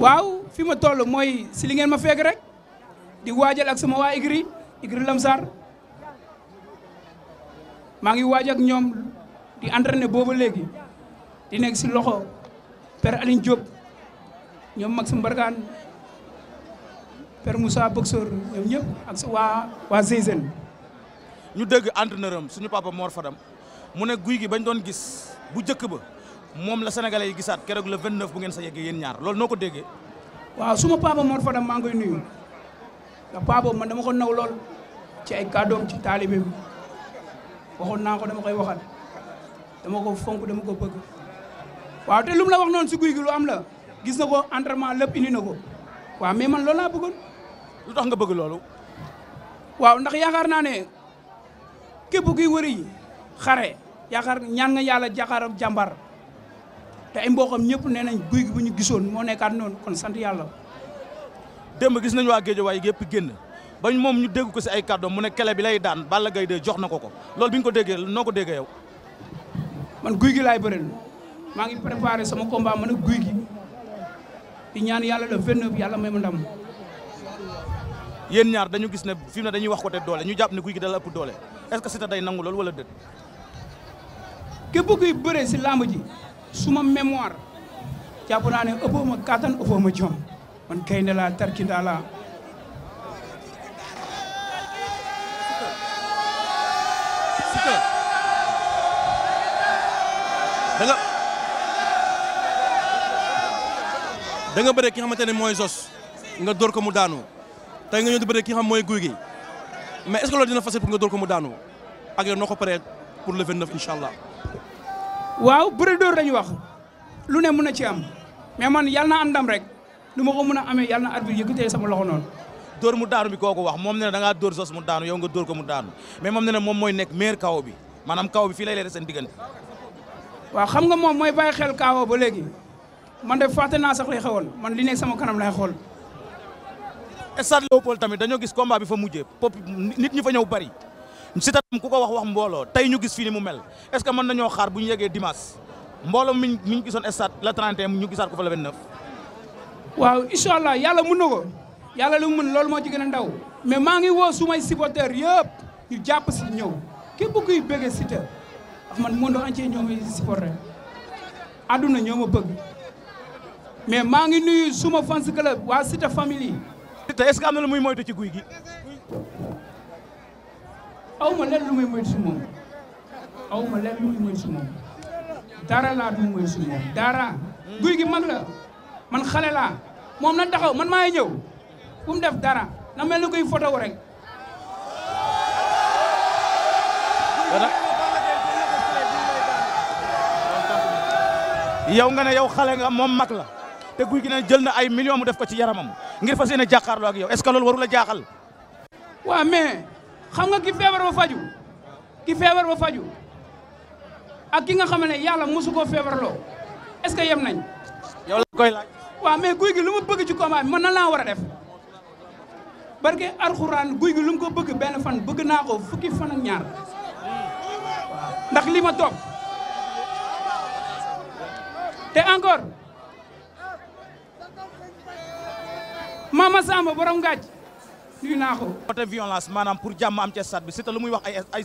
waaw fi ma toll mooy si li ngeen ma fekk rek di waajal ak sama waa igri igri Lamsar maa ngi waaj ak ñoom di entraîné booba léegi di nekk si loxo père Aline Diop ñoom Maxime Mbargaan père Moussa Boxeur ñoom ñëpp ak sa waa waa Zeyzen ñu dégg entraîneur suñu papa Mor Fadam mu ne guy gi bañ doon gis bu jëkk ba mom la sénégalais yi gissat kérok le 29 bu ngeen sa yeggee yeen ñaar lool noko déggé wa suma papa mo fa maa ma ngoy nuyu da papa man dama ko naw lool ci ay kàddoom ci talibé bi waxon nako dama koy waxal dama ko fonk dama ko bëgg wa té lum la wax non ci guuy gi lu am la gis nako entraînement lepp indi nako wa mé man lool la bëggoon. lu tax nga bëgg loolu. wa ndax yaakar na né képp kuy wëri xaré yaakar ñaan nga yalla jàkkaar ak te ay mboqam ñëpp nee nañ guy bu ñu gisoon moo nekkaat noonu kon sant yàlla. dem démb gis nañu waa Géejawaay yëpp génn bañ moom ñu dégg ko si ay kàddoom mu ne kele bi lay daan bala Gaye de jox na ko ko loolu bi ñu ko déggee noo ko déggee man guy gi laay bëreel maa ngi préparé sama combat man ak guy gi di ñaan yàlla le 29 yàlla may ma ndam. ñaar dañu gis ne fi mu ne dañuy wax ko te doole ñu jàpp ne guy gi dala ëpp doole est-ce que Siteu day nangu loolu wala déet. képp si làmb ji. suma mémoire jàpp naa ne ëppoo ma kàttan ëppoo ma jom man gaynde laa tarkindaa laa da nga da ki nga xamante ne mooy Zoss nga door ko mu daanu tey nga ñëw di bëre ki nga xam mooy Gouy Gui mais est loolu dina facile nga dóor ko mu daanu ak yow noo ko paree pour le 29 allah. waaw bëre door lañu wax lu ne mën na ci am mais man yalla na am ndam rek lu ma ko mën a amee yàlla na arbitre yëkkatee sama loxo noonu door mu daanu bi koko wax moom ne da ngaa door sos mu daanu yow nga door ko mu daanu mais moom ne moom mooy maire kaw bi maanaam kaw bi fii lay leer seen diggante waaw xam nga moom mooy bàyyi xel kaw ba léegi man de fàtte naa sax lay xewoon man li nekk sama kanam lay xool stade Léopold tamit dañoo gis combat bi fa mujjee pop nit ñi fa ñëw bari Siteu ku ko wax wax mbolo tay ñu gis fi ni mu mel est-ce que mën nañu xaar buñu ñu dimas mbolo mbooloo mi mi ñu le 31 ñu gisaat ko fa le 29. waaw inshallah yalla yàlla mun yalla lu mu mën loolu ci gëna ndaw mais ma ngi woo sumay supporter yëpp ñu ci ñew ñëw bu kuy bëggee Siteu wax man mo ndo ñoo ñoomay supporter aduna ñoo bëgg mais ma ngi nuyu suma fans club wa Siteu family yi. est-ce que am na lu muy moytu ci guuy gi aw ma lenn lu muy sumo si aw ma lenn lu muy sumo dara la du moytu sumo dara guy gi mag la man xale la mom na taxaw man may ñew bu def dara na mel ni kuy photo rek. yow nga ne yow xale nga mom mag la te guy gi na jël na ay millions mu def ko ci yaramam ngir fas yéene ak yow est-ce que loolu waru la jaaxal. mais xam nga ki feebar ba faju ki feebar ba faju ak ki nga xam yalla yàlla mosu koo feebarloo est-ce que yem nañ. yow la koy laaj. wa mais guuy gi luma bëgg ci combat man la wara def barke alxuraan guuy gi lu ko bëgg ben fan bëgg na ko fukki fan ak ñaar ndax lima top té encore Mama Samba borom gàcc nuyu naa ko. côté violence maanaam pour jàmm am ci stade bi Siteu lu muy wax ay ay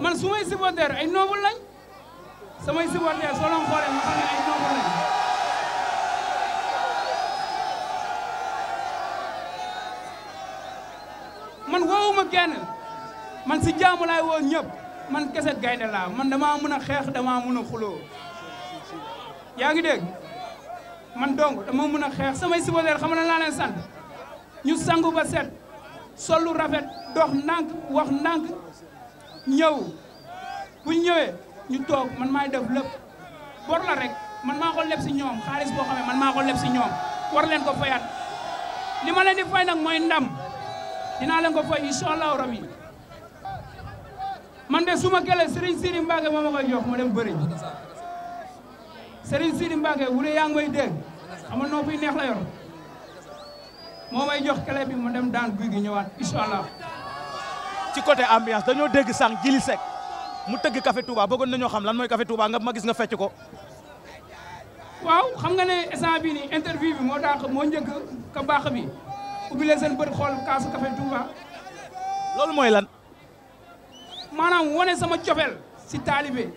man supporter ay noble lañ samay supporters soo leen xoolee mu xam ay noble lañ. man woowuma kenn man si jàmm laay woo ñëpp man kese gaynde man man dama samay xam na ñu sangu ba set doh nang rafet dox nang wax nang ñew bu ñewé ñu tok man may def lepp bor la rek man mako lepp ci si xaaliss bo xamé man mako lepp ci ñom war leen ko fayat lima leen di fay nak moy ndam dina leen ko fay inshallah rabbi man de suma kele Serigne Sidi Mbacke mo ma jox mo dem beuri Serigne Sidi Mbacke wu yang yaa may dégg xam nga noo neex la yor momay jox clé bi mu dem daan guy gi ñëwaat incha ci côté ambiance dañu dégg sang Jili Seck mu tëgg Café Touba bëggon nañu xam lan moy Café Touba nga ma gis nga fecc ko. waaw xam nga né instant bi ni interview bi mo daax mo ñëgg ka baax bi ubi leen seen bët xool kaasu Café Touba. loolu moy lan. manam woné sama cofeel ci talibé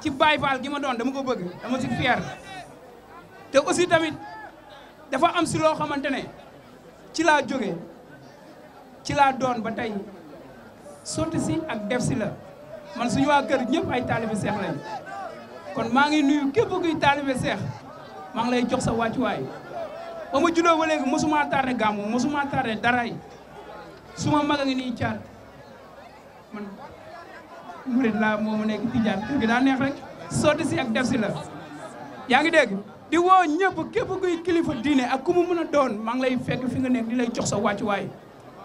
ci Baye Fall gi ma doon dama ko bëgg dama ci fier té aussi tamit dafa am ci lo xamantene ci laa jóge ci laa doon ba tey sotti ak def si la man suñu waa kër ñëpp ay taalibe seex lañ kon maa ngi nuyu képp kuy taalibe seex maa ngi lay jox sa wàccuwaay ba ma juddoo ba léegi mosuma tardé gàmmu mosuma tardé dara yi su ma mag a ngi nii caat man murid laa moo ma nekk tijaan kër gi daa neex rek sotti ak def si la yaa ngi dégg di wo ñepp képp kuy kilifa diiné ak ku mu mën doon ma ngi lay fekk fi nga nekk di lay jox sa wàccuwaay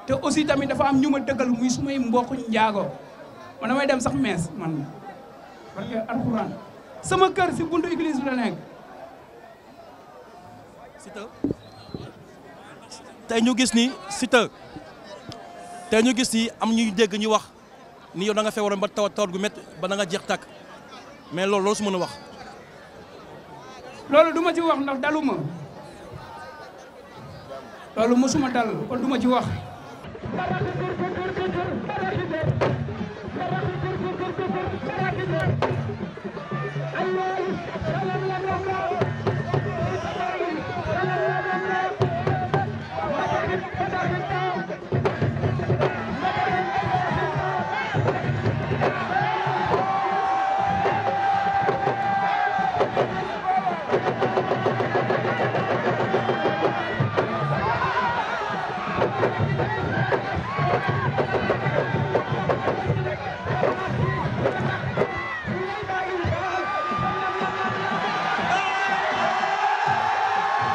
te aussi tamit dafa am ñuma dëggal muy sumay mbokk njaago man damay dem sax mees man parce que sama kër si buntu église bi la nekk. Siteu tay ñu gis ni Siteu tay ñu gis ni am ñuy dégg ñu wax ni yow da nga feebaroon ba taw taw gu met ba da nga jeex tak mais loolu loolu su mëna wax. loolu du ma ci wax ndax daluma loolu mosuma dal kon du ma ci wax.